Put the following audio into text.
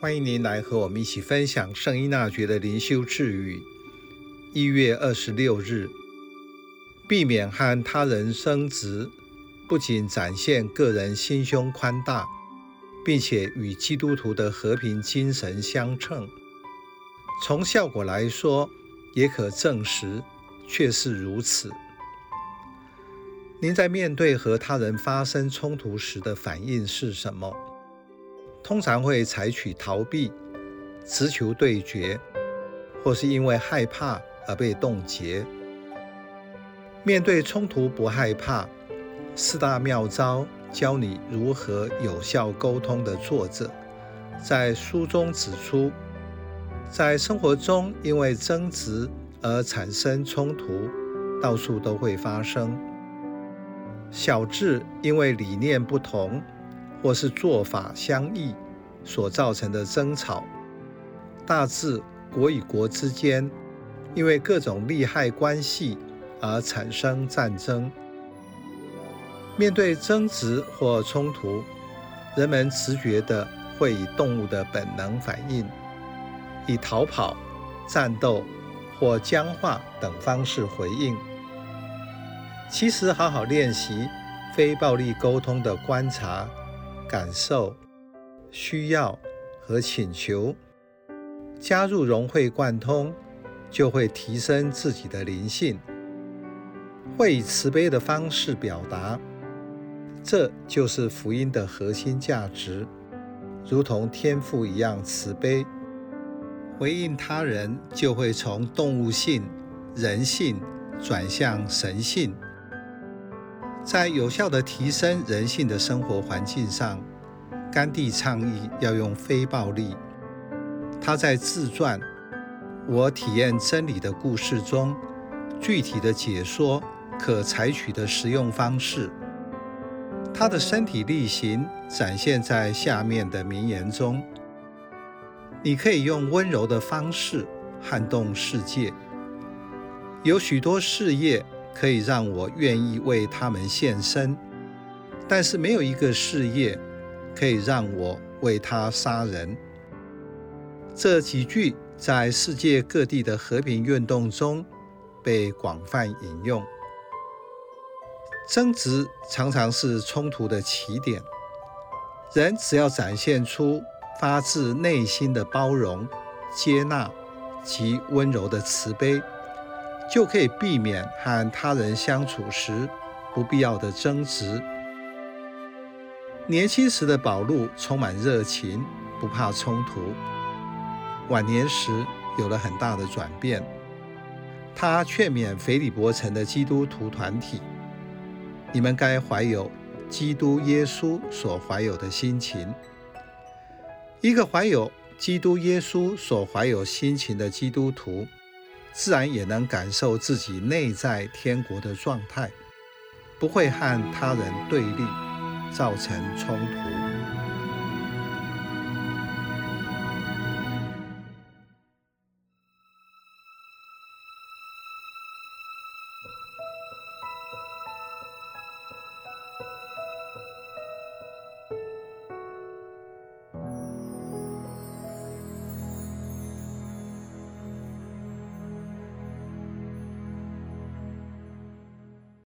歡迎您來和我們一起分享聖依納爵的靈修智語。一月二十六日，避免和他人爭執，不僅展現個人心胸寬大，並且與基督徒的和平精神相稱。從效果來說，也可證實，卻是如此。您在面對和他人發生衝突時的反應是什麼？通常會採取逃避、直球對決，或是因為害怕而被凍結。面對衝突不害怕，四大妙招教你如何有效溝通的作者，在書中指出，在生活中因為爭執而產生衝突，到處都會發生。小至因為理念不同。或是做法相異所造成的爭吵，大至國與國之間，因為各種利害關係而產生戰爭。面對爭執或衝突，人們直覺的會以動物的本能反應，以逃跑、戰鬥或僵化等方式回應。其實，好好練習非暴力溝通的觀察。感受、需要和請求加入融會貫通，就會提升自己的靈性，會以慈悲的方式表達。這就是福音的核心價值，如同天父一樣慈悲。回應他人，就會從動物性、人性轉向神性。在有效地提升人性的生活環境上，甘地倡議要用非暴力。他在自傳《我體驗真理的故事》中具體的解說可採取的實用方式，他的身體力行展現在下面的名言中：你可以用溫柔的方式撼動世界。有許多事業。可以讓我願意為他們獻身，但是沒有一個事業可以讓我為他殺人。這幾句在世界各地的和平運動中被廣泛引用。爭執常常是衝突的起點，人只要展現出發自內心的包容、接納及溫柔的慈悲。就可以避免和他人相處時不必要的爭執。年輕時的保祿充滿熱情，不怕衝突；晚年時有了很大的轉變。他勸勉斐理伯城的基督徒團體：“你們該懷有基督耶穌所懷有的心情。一個懷有基督耶穌所懷有心情的基督徒。”自然也能感受自己內在天國的狀態，不會和他人對立，造成衝突。